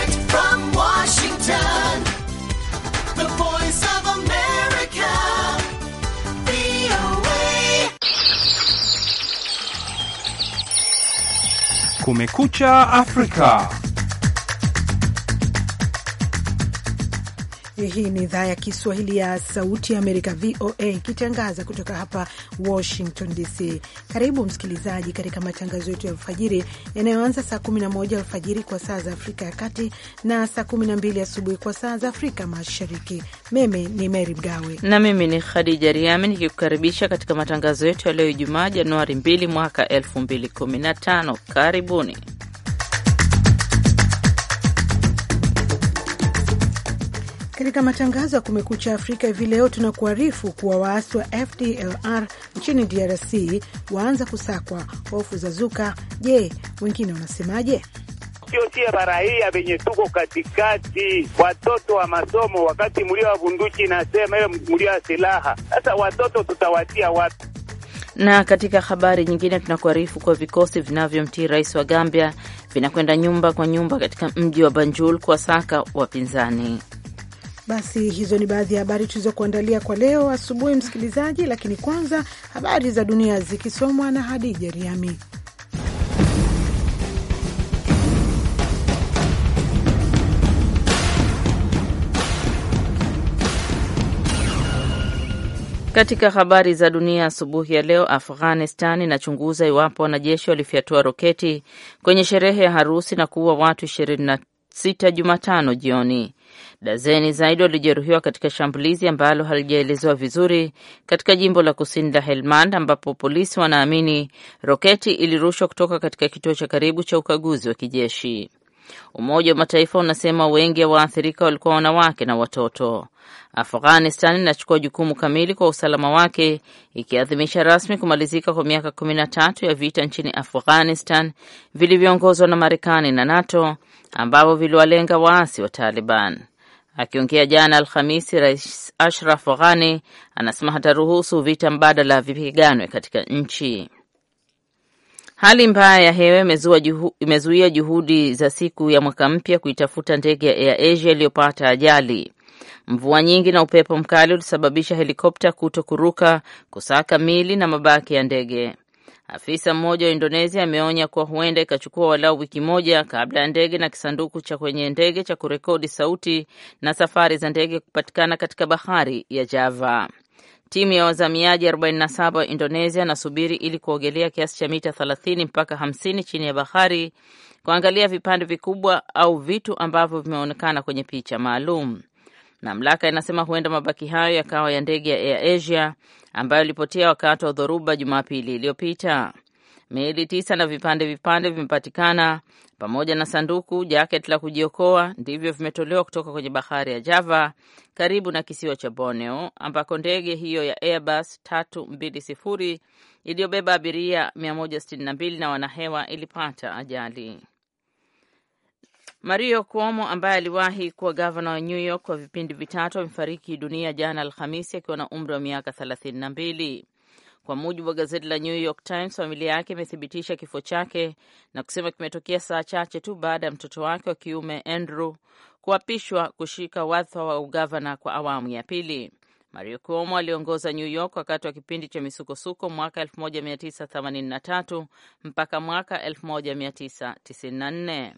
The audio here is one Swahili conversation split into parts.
Direct from Washington, the voice of America, VOA. Kumekucha Afrika. Hii ni idhaa ya Kiswahili ya Sauti ya Amerika, VOA, ikitangaza kutoka hapa Washington DC. Karibu msikilizaji katika matangazo yetu ya alfajiri yanayoanza saa 11 alfajiri kwa saa za Afrika ya Kati na saa 12 asubuhi kwa saa za Afrika Mashariki. Mimi ni Mary Mgawe na mimi ni Khadija Riami nikikukaribisha katika matangazo yetu ya leo Ijumaa, Januari 2 mwaka 2015. Karibuni. Katika matangazo ya Kumekucha Afrika hivi leo, tunakuarifu kuwa waasi wa FDLR nchini DRC waanza kusakwa, hofu za zuka. Je, wengine wanasemaje? Sio sie barahia venye tuko katikati, watoto wa masomo, wakati mlio wa bunduki nasema hiyo mlio wa silaha. Sasa watoto tutawatia wapi? Na katika habari nyingine tunakuarifu kuwa vikosi vinavyomtii rais wa Gambia vinakwenda nyumba kwa nyumba katika mji wa Banjul kuwasaka wapinzani. Basi hizo ni baadhi ya habari tulizokuandalia kwa leo asubuhi, msikilizaji. Lakini kwanza habari za dunia zikisomwa na Hadija Riami. Katika habari za dunia asubuhi ya leo, Afghanistan inachunguza iwapo wanajeshi walifyatua roketi kwenye sherehe ya harusi na kuua watu 26 Jumatano jioni. Dazeni zaidi walijeruhiwa katika shambulizi ambalo halijaelezewa vizuri katika jimbo la kusini la Helmand, ambapo polisi wanaamini roketi ilirushwa kutoka katika kituo cha karibu cha ukaguzi wa kijeshi. Umoja wa Mataifa unasema wengi wa waathirika walikuwa wanawake na watoto. Afghanistan inachukua jukumu kamili kwa usalama wake ikiadhimisha rasmi kumalizika kwa miaka kumi na tatu ya vita nchini Afghanistan vilivyoongozwa na Marekani na NATO ambavyo viliwalenga waasi wa Taliban. Akiongea jana Alhamisi, Rais Ashraf Ghani anasema hataruhusu vita mbadala vipiganwe katika nchi. Hali mbaya ya hewa juhu, imezuia juhudi za siku ya mwaka mpya kuitafuta ndege ya Air Asia iliyopata ajali. Mvua nyingi na upepo mkali ulisababisha helikopta kuto kuruka kusaka mili na mabaki ya ndege. Afisa mmoja wa Indonesia ameonya kuwa huenda ikachukua walau wiki moja kabla ya ndege na kisanduku cha kwenye ndege cha kurekodi sauti na safari za ndege kupatikana katika bahari ya Java. Timu ya wazamiaji 47 wa Indonesia nasubiri ili kuogelea kiasi cha mita 30 mpaka 50 chini ya bahari kuangalia vipande vikubwa au vitu ambavyo vimeonekana kwenye picha maalum. Mamlaka inasema huenda mabaki hayo yakawa ya ndege ya Air Asia ambayo ilipotea wakati wa dhoruba Jumapili iliyopita. Miili tisa na vipande vipande vimepatikana pamoja na sanduku jaket la kujiokoa, ndivyo vimetolewa kutoka kwenye bahari ya Java karibu na kisiwa cha Borneo ambako ndege hiyo ya Airbus 320 iliyobeba abiria 162 na wanahewa ilipata ajali. Mario Cuomo ambaye aliwahi kuwa gavana wa New York kwa vipindi vitatu amefariki dunia jana Alhamisi akiwa na umri wa miaka thelathini na mbili. Kwa mujibu wa gazeti la New York Times, familia yake imethibitisha kifo chake na kusema kimetokea saa chache tu baada ya mtoto wake wa kiume Andrew kuapishwa kushika wadhifa wa ugavana kwa awamu ya pili. Mario Cuomo aliongoza New York wakati wa kipindi cha misukosuko mwaka 1983 mpaka mwaka 1994.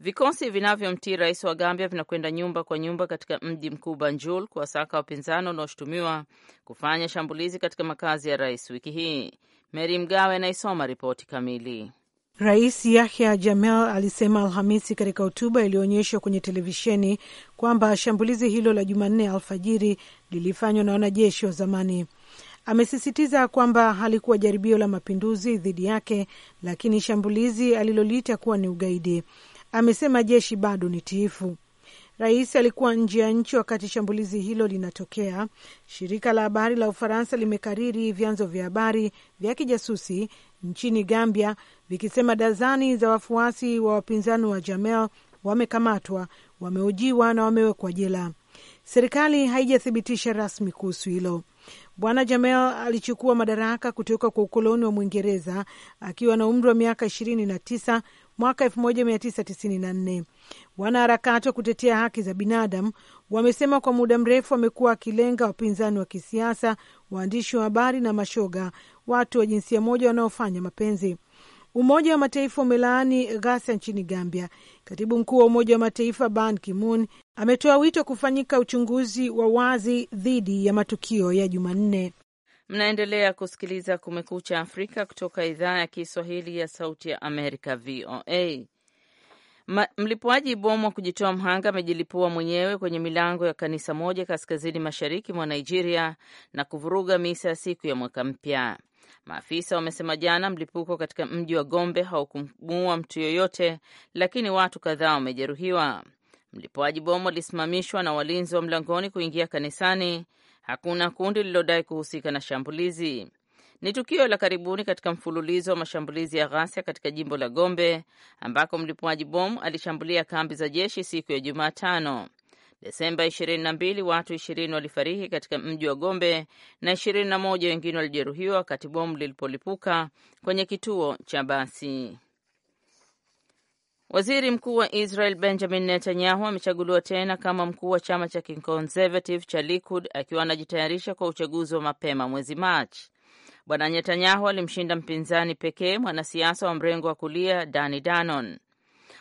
Vikosi vinavyomtii rais wa Gambia vinakwenda nyumba kwa nyumba katika mji mkuu Banjul kuwasaka wapinzani wanaoshutumiwa kufanya shambulizi katika makazi ya rais wiki hii. Meri Mgawe anaisoma ripoti kamili. Rais Yahya jamel alisema Alhamisi katika hotuba iliyoonyeshwa kwenye televisheni kwamba shambulizi hilo la Jumanne alfajiri lilifanywa na wanajeshi wa zamani. Amesisitiza kwamba halikuwa jaribio la mapinduzi dhidi yake, lakini shambulizi aliloliita kuwa ni ugaidi amesema jeshi bado ni tiifu. Rais alikuwa nje ya nchi wakati shambulizi hilo linatokea. Shirika la habari la Ufaransa limekariri vyanzo vya habari vya kijasusi nchini Gambia vikisema dazani za wafuasi wa wapinzani wa Jamel wamekamatwa, wameujiwa na wamewekwa jela. Serikali haijathibitisha rasmi kuhusu hilo. Bwana Jamel alichukua madaraka kutoka kwa ukoloni wa Mwingereza akiwa na umri wa miaka 29 mwaka 1994. Wanaharakati wa kutetea haki za binadamu wamesema kwa muda mrefu wamekuwa akilenga wapinzani wa kisiasa, waandishi wa habari na mashoga, watu wa jinsia moja wanaofanya mapenzi. Umoja wa Mataifa umelaani ghasia nchini Gambia. Katibu mkuu wa Umoja wa Mataifa Ban Ki-moon ametoa wito kufanyika uchunguzi wa wazi dhidi ya matukio ya Jumanne. Mnaendelea kusikiliza Kumekucha Afrika kutoka idhaa ya Kiswahili ya Sauti ya Amerika, VOA. Ma, mlipuaji bomu wa kujitoa mhanga amejilipua mwenyewe kwenye milango ya kanisa moja kaskazini mashariki mwa Nigeria na kuvuruga misa ya siku ya mwaka mpya. Maafisa wamesema jana mlipuko katika mji wa Gombe haukumuua mtu yoyote, lakini watu kadhaa wamejeruhiwa. Mlipuaji bomu alisimamishwa na walinzi wa mlangoni kuingia kanisani. Hakuna kundi lililodai kuhusika na shambulizi. Ni tukio la karibuni katika mfululizo wa mashambulizi ya ghasia katika jimbo la Gombe ambako mlipuaji bomu alishambulia kambi za jeshi siku ya Jumatano. Desemba 22 watu 20 walifariki katika mji wa Gombe na 21 wengine walijeruhiwa wakati bomu lilipolipuka kwenye kituo cha basi. Waziri mkuu wa Israel Benjamin Netanyahu amechaguliwa tena kama mkuu wa chama cha kiconservative cha Likud akiwa anajitayarisha kwa uchaguzi wa mapema mwezi Machi. Bwana Netanyahu alimshinda mpinzani pekee mwanasiasa wa mrengo wa kulia Dani Danon.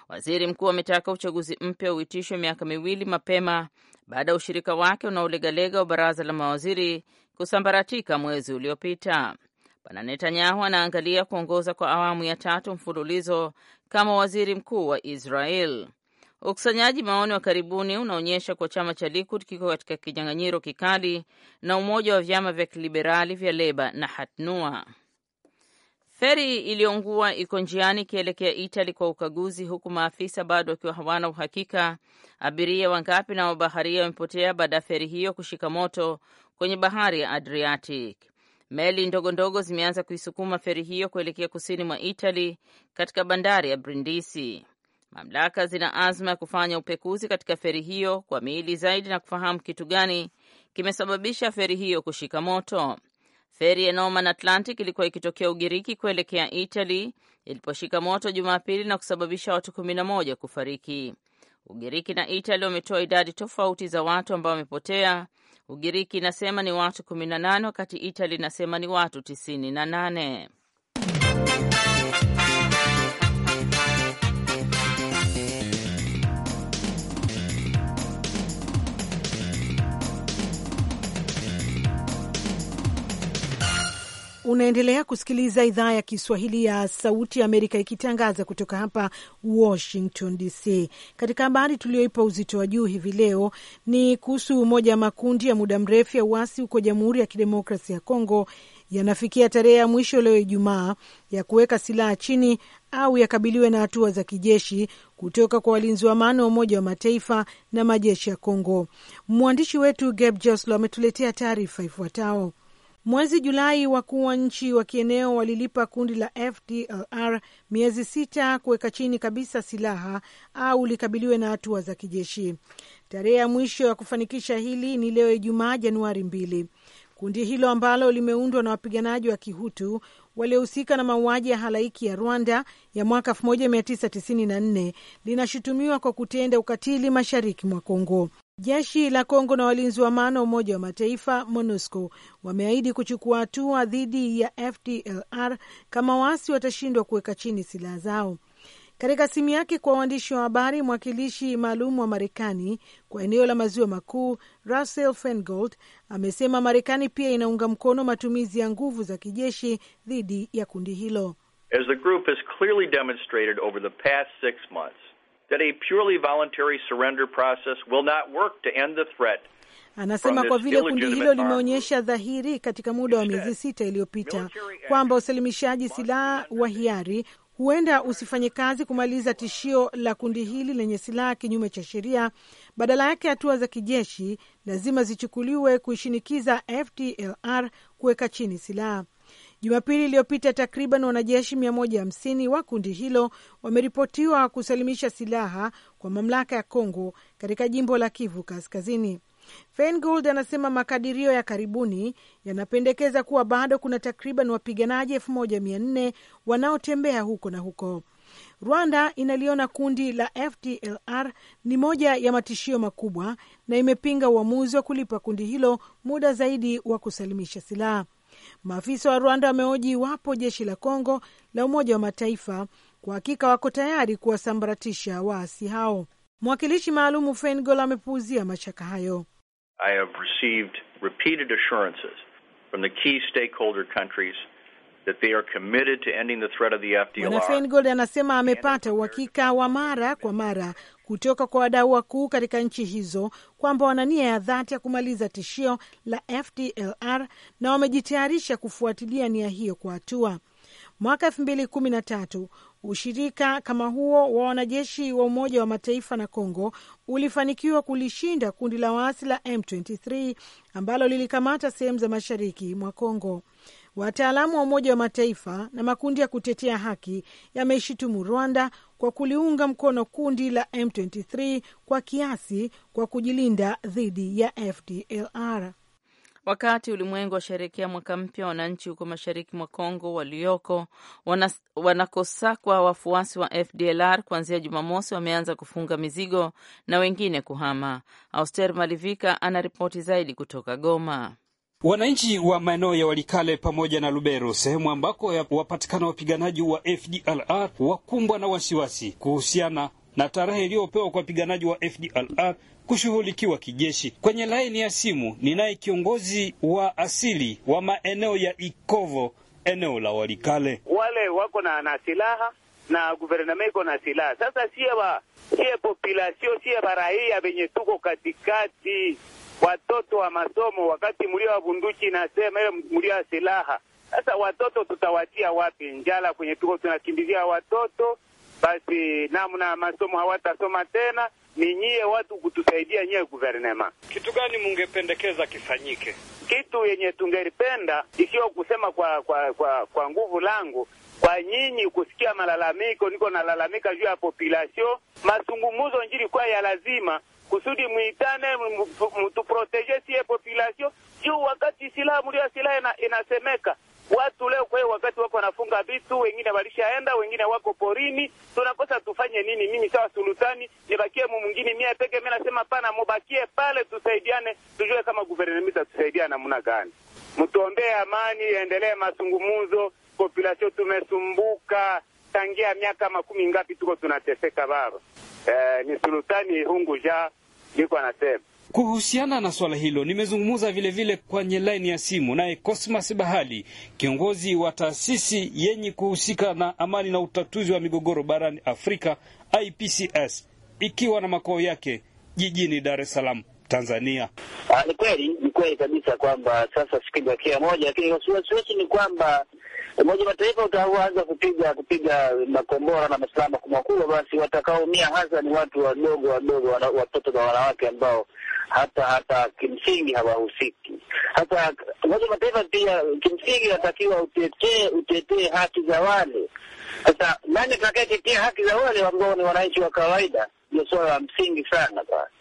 Waziri mkuu ametaka uchaguzi mpya uitishwe miaka miwili mapema baada ya ushirika wake unaolegalega wa baraza la mawaziri kusambaratika mwezi uliopita. Bwana Netanyahu anaangalia kuongoza kwa awamu ya tatu mfululizo kama waziri mkuu wa Israel. Ukusanyaji maoni wa karibuni unaonyesha kuwa chama cha Likud kiko katika kinyang'anyiro kikali na umoja wa vyama vya kiliberali vya Leba na Hatnua. Feri iliyongua iko njiani ikielekea Itali kwa ukaguzi, huku maafisa bado wakiwa hawana uhakika abiria wangapi na wabaharia wamepotea baada ya feri hiyo kushika moto kwenye bahari ya Adriatic. Meli ndogo ndogo zimeanza kuisukuma feri hiyo kuelekea kusini mwa Itali katika bandari ya Brindisi. Mamlaka zina azma ya kufanya upekuzi katika feri hiyo kwa miili zaidi na kufahamu kitu gani kimesababisha feri hiyo kushika moto. Feri ya Norman Atlantic ilikuwa ikitokea Ugiriki kuelekea Italy iliposhika moto Jumapili na kusababisha watu 11 kufariki. Ugiriki na Italy wametoa idadi tofauti za watu ambao wamepotea. Ugiriki inasema ni watu 18 wakati Italy inasema ni watu 98. Unaendelea kusikiliza idhaa ya Kiswahili ya Sauti ya Amerika ikitangaza kutoka hapa Washington DC. Katika habari tuliyoipa uzito wa juu hivi leo ni kuhusu moja ya makundi ya muda mrefu ya uasi huko Jamhuri ya Kidemokrasi ya Kongo yanafikia tarehe ya mwisho leo Ijumaa ya kuweka silaha chini au yakabiliwe na hatua za kijeshi kutoka kwa walinzi wa amani wa Umoja wa Mataifa na majeshi ya Kongo. Mwandishi wetu Geb Joslo ametuletea taarifa ifuatayo. Mwezi Julai, wakuu wa nchi wa kieneo walilipa kundi la FDLR miezi sita kuweka chini kabisa silaha au likabiliwe na hatua za kijeshi. Tarehe ya mwisho ya kufanikisha hili ni leo Ijumaa, Januari mbili. Kundi hilo ambalo limeundwa na wapiganaji wa kihutu waliohusika na mauaji ya halaiki ya Rwanda ya mwaka 1994 linashutumiwa kwa kutenda ukatili mashariki mwa Kongo. Jeshi la Kongo na walinzi wa amani wa Umoja wa Mataifa MONUSCO wameahidi kuchukua hatua dhidi ya FDLR kama waasi watashindwa kuweka chini silaha zao. Katika simu yake kwa waandishi wa habari, mwakilishi maalum wa Marekani kwa eneo la maziwa makuu Russell Feingold amesema Marekani pia inaunga mkono matumizi ya nguvu za kijeshi dhidi ya kundi hilo. As the group has clearly demonstrated over the past six months that a purely voluntary surrender process will not work to end the threat. Anasema kwa vile kundi hilo limeonyesha dhahiri katika muda wa miezi sita iliyopita kwamba usalimishaji silaha wa hiari huenda usifanye kazi kumaliza tishio la kundi hili lenye silaha kinyume cha sheria. Badala yake, hatua za kijeshi lazima zichukuliwe kuishinikiza FDLR kuweka chini silaha. Jumapili iliyopita takriban wanajeshi 150 wa kundi hilo wameripotiwa kusalimisha silaha kwa mamlaka ya congo katika jimbo la Kivu Kaskazini. Feingold anasema makadirio ya karibuni yanapendekeza kuwa bado kuna takriban wapiganaji elfu moja mia nne wanaotembea huko na huko. Rwanda inaliona kundi la FDLR ni moja ya matishio makubwa na imepinga uamuzi wa kulipa kundi hilo muda zaidi wa kusalimisha silaha. Maafisa wa Rwanda wameoji iwapo jeshi la Kongo la Umoja wa Mataifa kwa hakika wako tayari kuwasambaratisha waasi hao. Mwakilishi maalumu Fengol amepuuzia mashaka hayo. I have received repeated assurances from the key stakeholder countries Bwana Feingold anasema amepata uhakika wa mara kwa mara kutoka kwa wadau wakuu katika nchi hizo kwamba wana nia ya dhati ya kumaliza tishio la FDLR na wamejitayarisha kufuatilia nia hiyo kwa hatua. Mwaka elfu mbili kumi na tatu ushirika kama huo wa wanajeshi wa Umoja wa Mataifa na Congo ulifanikiwa kulishinda kundi la waasi la M23 ambalo lilikamata sehemu za mashariki mwa Congo. Wataalamu wa Umoja wa Mataifa na makundi ya kutetea haki yameishutumu Rwanda kwa kuliunga mkono kundi la M23 kwa kiasi kwa kujilinda dhidi ya FDLR. Wakati ulimwengu washerekea mwaka mpya, wananchi huko mashariki mwa Kongo walioko wanakosakwa wanakosakwa wafuasi wa FDLR kuanzia Jumamosi wameanza kufunga mizigo na wengine kuhama. Auster Malivika ana ripoti zaidi kutoka Goma. Wananchi wa maeneo ya Walikale pamoja na Lubero, sehemu ambako wapatikana wapiganaji wa FDLR, wakumbwa na wasiwasi kuhusiana na tarehe iliyopewa kwa wapiganaji wa FDLR kushughulikiwa kijeshi. Kwenye laini ya simu ninaye kiongozi wa asili wa maeneo ya Ikovo, eneo la Walikale. Wale wako na na silaha na guvernema iko na silaha. Sasa sie siye sie population sie venye tuko katikati watoto wa masomo, wakati mlio wa bunduki nasema ile mlio wa silaha. Sasa watoto tutawatia wapi? Njala kwenye tuko tunakimbizia watoto, basi namna masomo hawatasoma tena. Ni nyie watu kutusaidia, nyie guvernema. Kitu gani mungependekeza kifanyike? Kitu yenye tungelipenda isiyo kusema kwa kwa kwa, kwa nguvu langu kwa nyinyi kusikia malalamiko, niko nalalamika juu ya population, masungumuzo njiri kwa ya lazima kusudi muitane mtuproteje siye population juu wakati silaha mlio silaha ina, inasemeka watu leo kwa wakati wako wanafunga vitu, wengine walishaenda, wengine wako porini. Tunakosa tufanye nini? Mimi sawa sultani nibakie mu mwingine mie peke mimi nasema pana, mubakie pale, tusaidiane, tujue kama guvernema itatusaidia namna gani. Mtuombee amani, endelee mazungumzo. Population tumesumbuka tangia miaka makumi ngapi, tuko tunateseka baba eh, ni Sultani Hungu Ja ndiko anasema kuhusiana na swala hilo. Nimezungumza vile vile kwenye laini ya simu naye Cosmas Bahali, kiongozi wa taasisi yenye kuhusika na amani na utatuzi wa migogoro barani Afrika, IPCS, ikiwa na makao yake jijini Dar es Salaam, Tanzania. Ah, ni kweli, ni kweli kabisa kwamba sasa sikibakia moja, lakini wasiwasi ni kwamba Umoja wa Mataifa utaanza kupiga kupiga makombora na maslaha makubwa, basi watakaoumia hasa ni watu wadogo wadogo, watoto na wanawake ambao hata hata kimsingi hawahusiki. Hata Umoja wa Mataifa pia kimsingi natakiwa utetee utetee haki za wale. Sasa nani atakayetetea haki za wale ambao ni wananchi wa kawaida? Ndio suala la msingi sana basi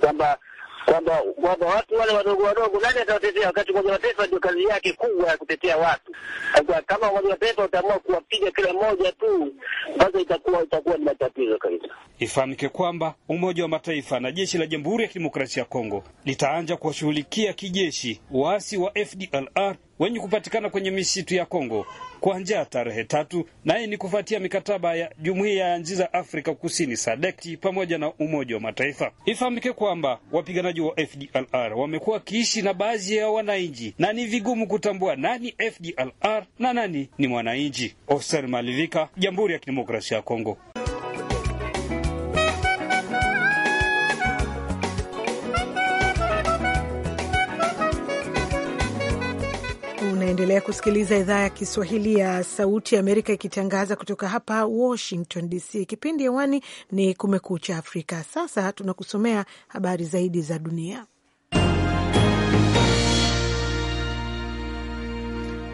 kwamba kwamba kwamba watu wale wadogo wadogo nani atawatetea? Wakati Umoja wa Mataifa ndio kazi yake kubwa ya kutetea watu. Kama Umoja wa Mataifa utaamua kuwapiga kila mmoja tu, basi itakuwa itakuwa ni matatizo kabisa. Ifahamike kwamba Umoja wa Mataifa na jeshi la Jamhuri ya Kidemokrasia ya Kongo litaanja kuwashughulikia kijeshi waasi wa FDLR wenye kupatikana kwenye misitu ya Kongo kuanzia tarehe tatu, na ni kufuatia mikataba ya jumuiya ya nchi za Afrika Kusini SADC pamoja na Umoja wa Mataifa. Ifahamike kwamba wapiganaji wa FDLR wamekuwa wakiishi na baadhi ya wananchi na ni vigumu kutambua nani FDLR na nani ni mwananchi. Oser Malivika, Jamhuri ya Kidemokrasia ya Kongo. Unaendelea kusikiliza idhaa ya Kiswahili ya Sauti ya Amerika ikitangaza kutoka hapa Washington DC. Kipindi hewani ni Kumekucha Afrika. Sasa tunakusomea habari zaidi za dunia.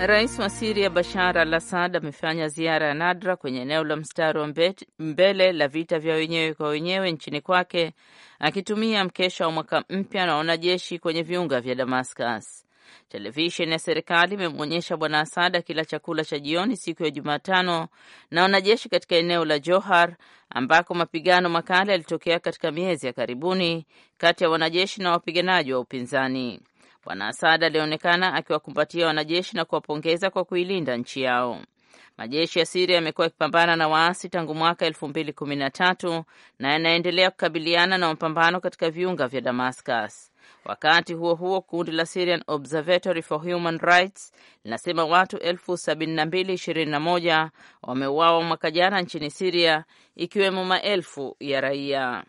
Rais wa Siria Bashar al Assad amefanya ziara ya nadra kwenye eneo la mstari wa mbele la vita vya wenyewe kwa wenyewe nchini kwake, akitumia mkesha wa mwaka mpya na wanajeshi kwenye viunga vya Damascus. Televisheni ya serikali imemwonyesha Bwana Asad akila chakula cha jioni siku ya Jumatano na wanajeshi katika eneo la Johar ambako mapigano makali yalitokea katika miezi ya karibuni kati ya wanajeshi na wapiganaji wa upinzani. Bwana Asad alionekana akiwakumbatia wanajeshi na kuwapongeza kwa kuilinda nchi yao. Majeshi ya Siria yamekuwa yakipambana na waasi tangu mwaka elfu mbili kumi na tatu na yanaendelea kukabiliana na mapambano katika viunga vya Damascus. Wakati huo huo, kundi la Syrian Observatory for Human Rights linasema watu 7221 wameuawa mwaka jana nchini Siria, ikiwemo maelfu ya raia.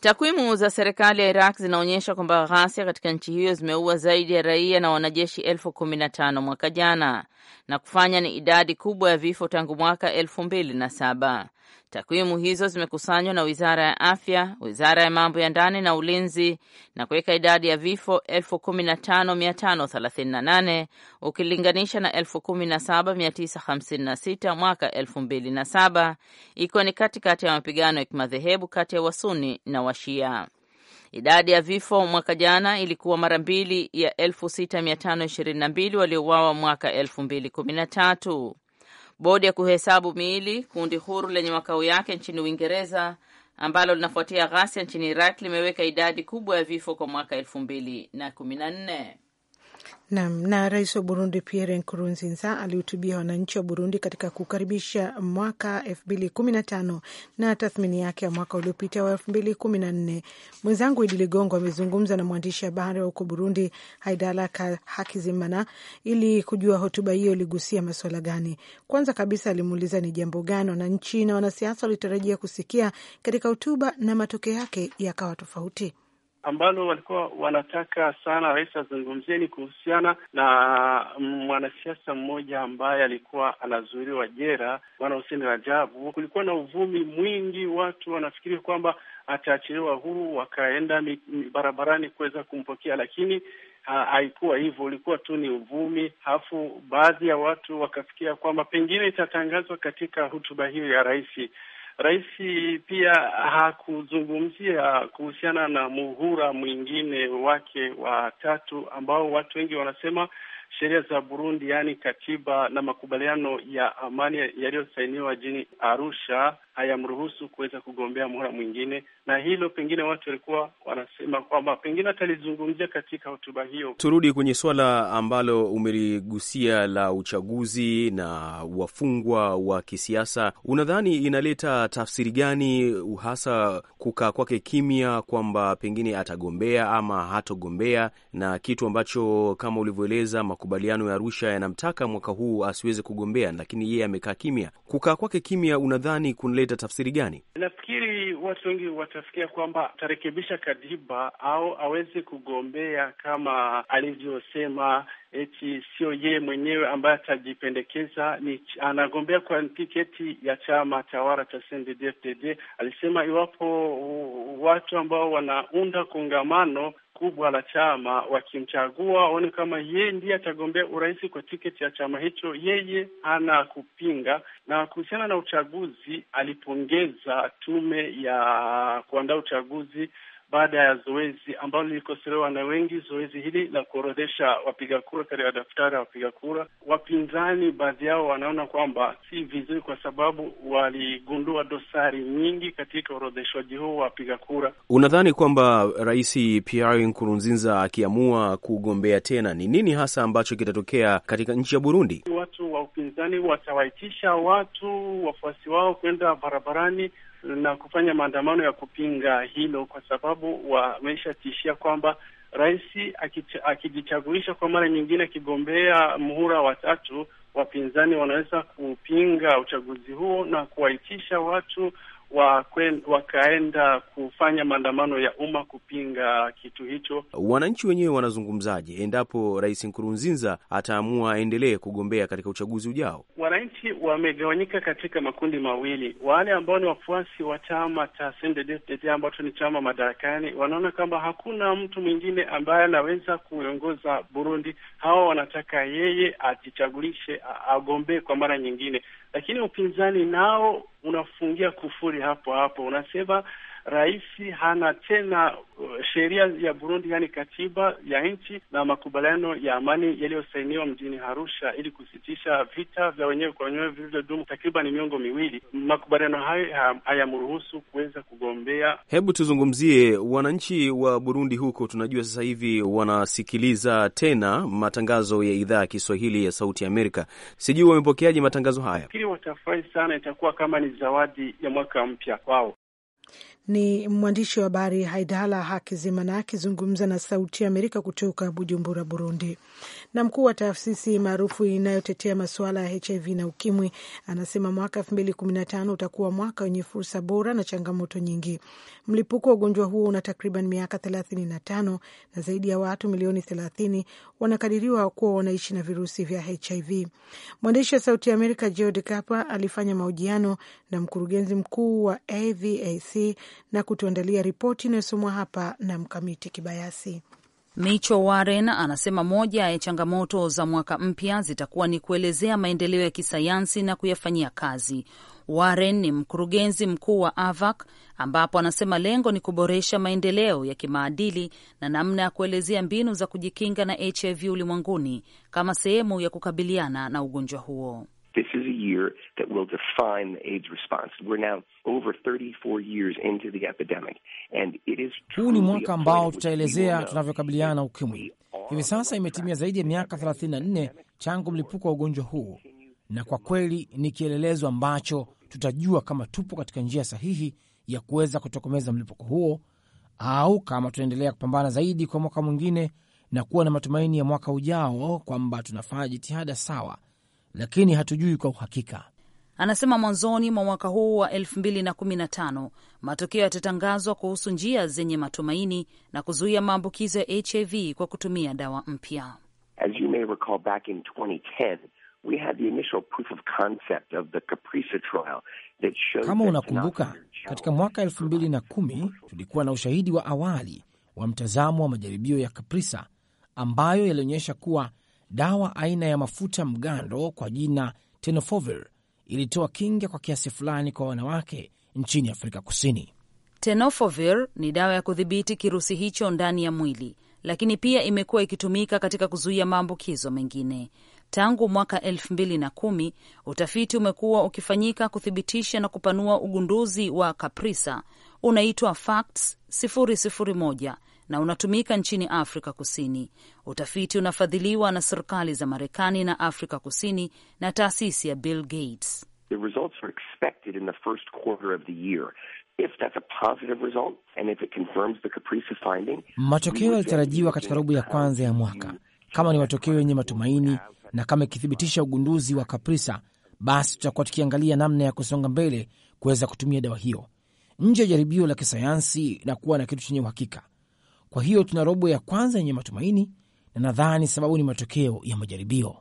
Takwimu za serikali ya Iraq zinaonyesha kwamba ghasia katika nchi hiyo zimeua zaidi ya raia na wanajeshi elfu kumi na tano mwaka jana na kufanya ni idadi kubwa ya vifo tangu mwaka elfu mbili na saba. Takwimu hizo zimekusanywa na Wizara ya Afya, Wizara ya Mambo ya Ndani na Ulinzi na kuweka idadi ya vifo 15538 ukilinganisha na 17956 mwaka 2007 ikiwa ni katikati ya mapigano ya kimadhehebu kati ya Wasuni na Washia. Idadi ya vifo mwaka jana ilikuwa mara mbili ya 6522 waliouawa mwaka 2013. Bodi ya kuhesabu miili, kundi huru lenye makao yake nchini Uingereza ambalo linafuatia ghasia nchini Iraq, limeweka idadi kubwa ya vifo kwa mwaka elfu mbili na kumi na nne. Nam na, na rais wa Burundi Pierre Nkurunziza alihutubia wananchi wa Burundi katika kukaribisha mwaka elfu mbili kumi na tano na tathmini yake ya mwaka uliopita wa elfu mbili kumi na nne. Mwenzangu Idi Ligongo amezungumza na mwandishi habari wa huko Burundi Haidala Hakizimana ili kujua hotuba hiyo iligusia masuala gani. Kwanza kabisa alimuuliza ni jambo gani wananchi na wanasiasa walitarajia kusikia katika hotuba na matokeo yake yakawa tofauti ambalo walikuwa wanataka sana rais azungumzie ni kuhusiana na mwanasiasa mmoja ambaye alikuwa anazuiliwa jera, Bwana Hussein Rajabu. Kulikuwa na uvumi mwingi, watu wanafikiri kwamba ataachiliwa huru, wakaenda barabarani kuweza kumpokea, lakini haikuwa hivyo, ulikuwa tu ni uvumi. Halafu baadhi ya watu wakafikia kwamba pengine itatangazwa katika hotuba hiyo ya rais. Rais pia hakuzungumzia kuhusiana na muhura mwingine wake wa tatu ambao watu wengi wanasema sheria za Burundi, yaani katiba na makubaliano ya amani yaliyosainiwa jini Arusha hayamruhusu kuweza kugombea muhula mwingine, na hilo pengine watu walikuwa wanasema kwamba pengine atalizungumzia katika hotuba hiyo. Turudi kwenye suala ambalo umeligusia la uchaguzi na wafungwa wa kisiasa, unadhani inaleta tafsiri gani hasa kukaa kwake kimya kwamba pengine atagombea ama hatogombea, na kitu ambacho kama ulivyoeleza makubaliano ya Arusha yanamtaka mwaka huu asiweze kugombea, lakini yeye amekaa kimya. Kukaa kwake kimya unadhani kuna kuleta tafsiri gani? Nafikiri watu wengi watafikia kwamba atarekebisha katiba au aweze kugombea kama alivyosema, eti sio yeye mwenyewe ambaye atajipendekeza, ni anagombea kwa tiketi ya chama tawala cha CNDD-FDD. Alisema iwapo watu ambao wanaunda kongamano kubwa la chama wakimchagua, waone kama yeye ndiye atagombea urais kwa tiketi ya chama hicho, yeye hana kupinga. Na kuhusiana na uchaguzi, alipongeza tume ya kuandaa uchaguzi baada ya zoezi ambalo lilikosolewa na wengi, zoezi hili la kuorodhesha wapiga kura katika daftari ya wapiga kura. Wapinzani baadhi yao wanaona kwamba si vizuri, kwa sababu waligundua dosari nyingi katika uorodheshwaji huu wa wapiga kura. Unadhani kwamba Rais Pierre Nkurunziza akiamua kugombea tena, ni nini hasa ambacho kitatokea katika nchi ya Burundi? Watu wa upinzani watawaitisha watu wafuasi wao kwenda barabarani na kufanya maandamano ya kupinga hilo, kwa sababu wameshatishia kwamba rais akijichagulisha kwa mara nyingine, akigombea muhula wa tatu, wapinzani wanaweza kupinga uchaguzi huo na kuwaitisha watu wakaenda kufanya maandamano ya umma kupinga kitu hicho. Wananchi wenyewe wanazungumzaje endapo Rais Nkurunziza ataamua aendelee kugombea katika uchaguzi ujao? Wananchi wamegawanyika katika makundi mawili. Wale ambao ni wafuasi wa chama cha CNDD-FDD ambacho ni chama madarakani, wanaona kwamba hakuna mtu mwingine ambaye anaweza kuongoza Burundi. Hawa wanataka yeye ajichagulishe, agombee kwa mara nyingine, lakini upinzani nao unafungia kufuri hapo hapo, unasema rais hana tena uh, sheria ya Burundi, yani katiba ya nchi na makubaliano ya amani yaliyosainiwa mjini Arusha ili kusitisha vita vya wenyewe kwa wenyewe vilivyodumu takriban miongo miwili. Makubaliano hayo hayamruhusu kuweza kugombea. Hebu tuzungumzie wananchi wa Burundi huko, tunajua sasa hivi wanasikiliza tena matangazo ya idhaa ya Kiswahili ya Sauti ya Amerika. Sijui wamepokeaje matangazo haya? watafurahi sana, itakuwa kama ni zawadi ya mwaka mpya kwao. Ni mwandishi wa habari Haidala Hakizimana akizungumza na Sauti ya Amerika kutoka Bujumbura, Burundi. Na mkuu wa taasisi maarufu inayotetea masuala ya HIV na UKIMWI anasema mwaka elfu mbili kumi na tano utakuwa mwaka wenye fursa bora na changamoto nyingi. Mlipuko wa ugonjwa huo una takriban miaka thelathini na tano na zaidi ya watu milioni thelathini wanakadiriwa kuwa wanaishi na virusi vya HIV. Mwandishi wa Sauti ya Amerika George Kapa alifanya mahojiano na mkurugenzi mkuu wa AVAC na kutuandalia ripoti inayosomwa hapa na Mkamiti Kibayasi. Micho Warren anasema moja ya changamoto za mwaka mpya zitakuwa ni kuelezea maendeleo ya kisayansi na kuyafanyia kazi. Warren ni mkurugenzi mkuu wa AVAC ambapo anasema lengo ni kuboresha maendeleo ya kimaadili na namna ya kuelezea mbinu za kujikinga na HIV ulimwenguni kama sehemu ya kukabiliana na ugonjwa huo year that will define the AIDS response. We're now over 34 years into the epidemic and it is. Huu ni mwaka ambao tutaelezea tunavyokabiliana na ukimwi. Hivi sasa imetimia zaidi ya miaka 34 tangu mlipuko wa ugonjwa huu, na kwa kweli ni kielelezo ambacho tutajua kama tupo katika njia sahihi ya kuweza kutokomeza mlipuko huo au kama tunaendelea kupambana zaidi kwa mwaka mwingine na kuwa na matumaini ya mwaka ujao kwamba tunafanya jitihada sawa lakini hatujui kwa uhakika. Anasema mwanzoni mwa mwaka huu wa 2015 matokeo yatatangazwa kuhusu njia zenye matumaini na kuzuia maambukizo ya HIV kwa kutumia dawa mpya. As you may recall back in 2010 we had the initial proof of concept of the CAPRISA trial that showed. Kama unakumbuka, katika mwaka 2010 tulikuwa na ushahidi wa awali wa mtazamo wa majaribio ya CAPRISA ambayo yalionyesha kuwa dawa aina ya mafuta mgando kwa jina tenofovir ilitoa kinga kwa kiasi fulani kwa wanawake nchini Afrika Kusini. Tenofovir ni dawa ya kudhibiti kirusi hicho ndani ya mwili, lakini pia imekuwa ikitumika katika kuzuia maambukizo mengine. Tangu mwaka elfu mbili na kumi utafiti umekuwa ukifanyika kuthibitisha na kupanua ugunduzi wa Kaprisa unaitwa Facts 001 na unatumika nchini Afrika Kusini. Utafiti unafadhiliwa na serikali za Marekani na Afrika Kusini na taasisi ya Bill Gates. matokeo yalitarajiwa katika robo ya kwanza ya mwaka. Kama ni matokeo yenye matumaini na kama ikithibitisha ugunduzi wa kaprisa basi tutakuwa tukiangalia namna ya kusonga mbele kuweza kutumia dawa hiyo nje ya jaribio la kisayansi na kuwa na kitu chenye uhakika. Kwa hiyo tuna robo ya kwanza yenye matumaini, na nadhani sababu ni matokeo ya majaribio.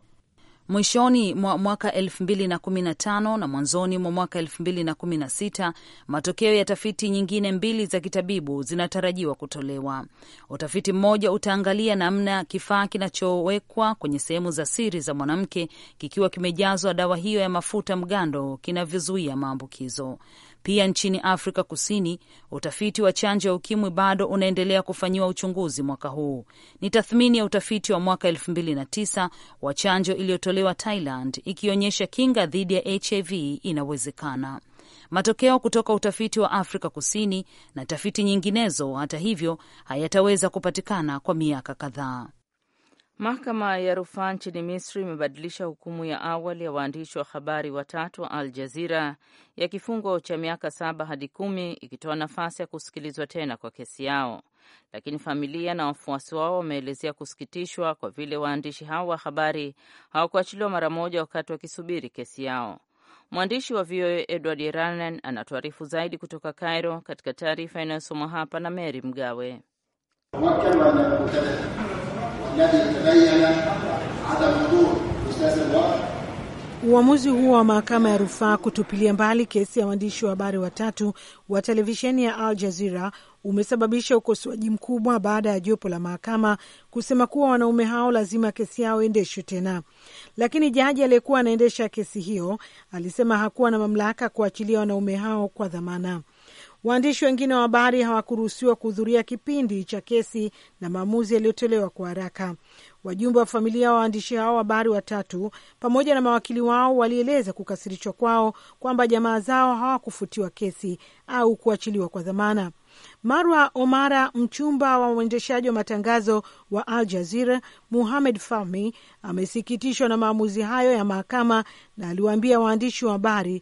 Mwishoni mwa mwaka 2015 na mwanzoni mwa mwaka 2016 matokeo ya tafiti nyingine mbili za kitabibu zinatarajiwa kutolewa. Utafiti mmoja utaangalia namna kifaa kinachowekwa kwenye sehemu za siri za mwanamke kikiwa kimejazwa dawa hiyo ya mafuta mgando kinavyozuia maambukizo. Pia nchini Afrika Kusini, utafiti wa chanjo ya ukimwi bado unaendelea kufanyiwa uchunguzi mwaka huu. Ni tathmini ya utafiti wa mwaka 2009 wa chanjo iliyotolewa Thailand ikionyesha kinga dhidi ya HIV inawezekana. Matokeo kutoka utafiti wa Afrika Kusini na tafiti nyinginezo, hata hivyo, hayataweza kupatikana kwa miaka kadhaa. Mahakama ya rufaa nchini Misri imebadilisha hukumu ya awali ya waandishi wa habari watatu wa Al Jazira ya kifungo cha miaka saba hadi kumi ikitoa nafasi ya kusikilizwa tena kwa kesi yao, lakini familia na wafuasi wao wameelezea kusikitishwa kwa vile waandishi hao wa habari hawakuachiliwa mara moja wakati wakisubiri kesi yao. Mwandishi wa VOA Edward Iranen anatuarifu zaidi kutoka Cairo, katika taarifa inayosomwa hapa na Meri Mgawe. الذي تبين عدم حضور استاذ الوقت Uamuzi huo wa mahakama ya rufaa kutupilia mbali kesi ya waandishi wa habari watatu wa televisheni ya Al Jazira umesababisha ukosoaji mkubwa baada ya jopo la mahakama kusema kuwa wanaume hao lazima kesi yao iendeshwe tena. Lakini jaji aliyekuwa anaendesha kesi hiyo alisema hakuwa na mamlaka kuachilia wanaume hao kwa dhamana. Waandishi wengine wa habari hawakuruhusiwa kuhudhuria kipindi cha kesi na maamuzi yaliyotolewa kwa haraka. Wajumbe wa familia wa waandishi hao wa habari watatu pamoja na mawakili wao walieleza kukasirishwa kwao kwamba jamaa zao hawakufutiwa kesi au kuachiliwa kwa dhamana. Marwa Omara, mchumba wa mwendeshaji wa matangazo wa Al jazir Muhamed Fahmi, amesikitishwa na maamuzi hayo ya mahakama na aliwaambia waandishi wa habari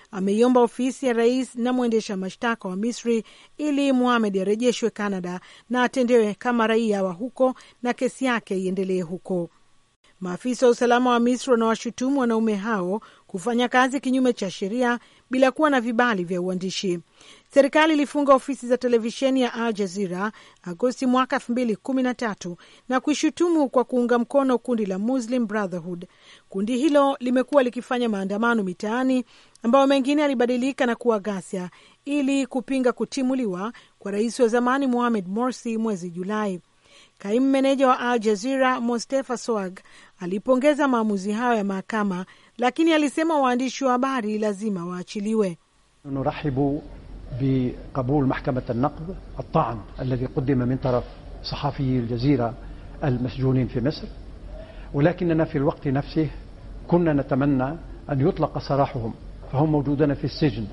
ameiomba ofisi ya rais na mwendesha mashtaka wa Misri ili muhamed arejeshwe Canada na atendewe kama raia wa huko na kesi yake iendelee huko. Maafisa wa usalama wa Misri wanawashutumu wanaume hao kufanya kazi kinyume cha sheria bila kuwa na vibali vya uandishi. Serikali ilifunga ofisi za televisheni ya Al Jazira Agosti mwaka 213 na kuishutumu kwa kuunga mkono kundi la Muslim Brotherhood. Kundi hilo limekuwa likifanya maandamano mitaani ambayo mengine yalibadilika na kuwa ghasia ili kupinga kutimuliwa kwa rais wa zamani Mohamed Morsi mwezi Julai. Kaimu meneja wa Al Jazira Mostefa Swag alipongeza maamuzi hayo ya mahakama, lakini alisema waandishi wa habari lazima waachiliwe. nurahibu بقبول محكمة النقد الطعن الذي قدم من طرف صحفي الجزيرة المسجونين في مصر ولكننا في الوقت نفسه كنا نتمنى أن يطلق سراحهم فهم موجودون في السجن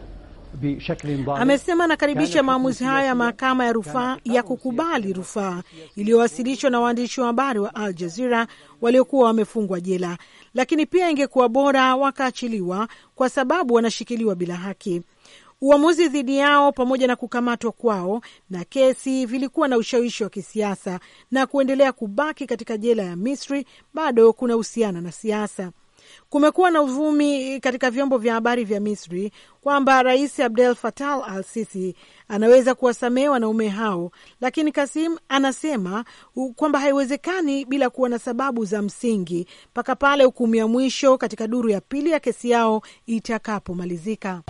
Bishakli amesema anakaribisha maamuzi haya ya mahakama ya rufaa ya kukubali rufaa iliyowasilishwa na waandishi wa habari wa Al Jazeera waliokuwa wamefungwa jela, lakini pia ingekuwa bora wakaachiliwa, kwa sababu wanashikiliwa bila haki. Uamuzi dhidi yao pamoja na kukamatwa kwao na kesi vilikuwa na ushawishi wa kisiasa, na kuendelea kubaki katika jela ya Misri bado kuna uhusiana na siasa. Kumekuwa na uvumi katika vyombo vya habari vya Misri kwamba Rais Abdel Fattah al Sisi anaweza kuwasamehe wanaume hao, lakini Kasim anasema kwamba haiwezekani bila kuwa na sababu za msingi mpaka pale hukumu ya mwisho katika duru ya pili ya kesi yao itakapomalizika.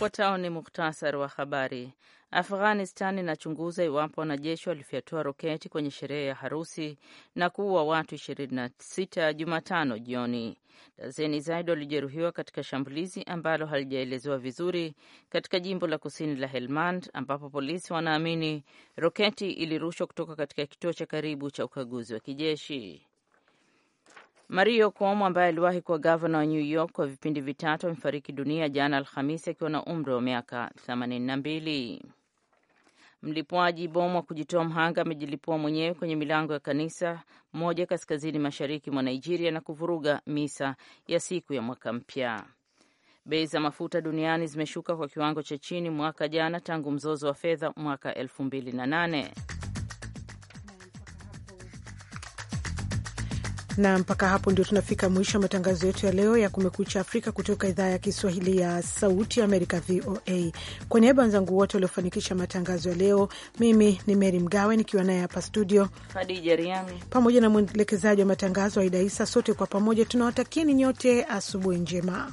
Ufuatao ni muhtasari wa habari. Afghanistan inachunguza iwapo wanajeshi walifyatua roketi kwenye sherehe ya harusi na kuua watu 26 Jumatano jioni. Dazeni zaidi walijeruhiwa katika shambulizi ambalo halijaelezewa vizuri katika jimbo la kusini la Helmand, ambapo polisi wanaamini roketi ilirushwa kutoka katika kituo cha karibu cha ukaguzi wa kijeshi. Mario Cuomo ambaye aliwahi kuwa gavana wa New York kwa vipindi vitatu amefariki dunia jana Alhamisi akiwa na umri wa miaka 82. Mlipuaji bomu wa kujitoa mhanga amejilipua mwenyewe kwenye milango ya kanisa moja kaskazini mashariki mwa Nigeria na kuvuruga misa ya siku ya mwaka mpya. Bei za mafuta duniani zimeshuka kwa kiwango cha chini mwaka jana tangu mzozo wa fedha mwaka 2008. na mpaka hapo ndio tunafika mwisho wa matangazo yetu ya leo ya Kumekucha Afrika kutoka idhaa ya Kiswahili ya Sauti ya Amerika, VOA. Kwa niaba wenzangu wote waliofanikisha matangazo ya leo, mimi ni Meri Mgawe nikiwa naye hapa studio Hadija Riami pamoja na mwelekezaji wa matangazo Aida Isa, sote kwa pamoja tunawatakieni nyote asubuhi njema.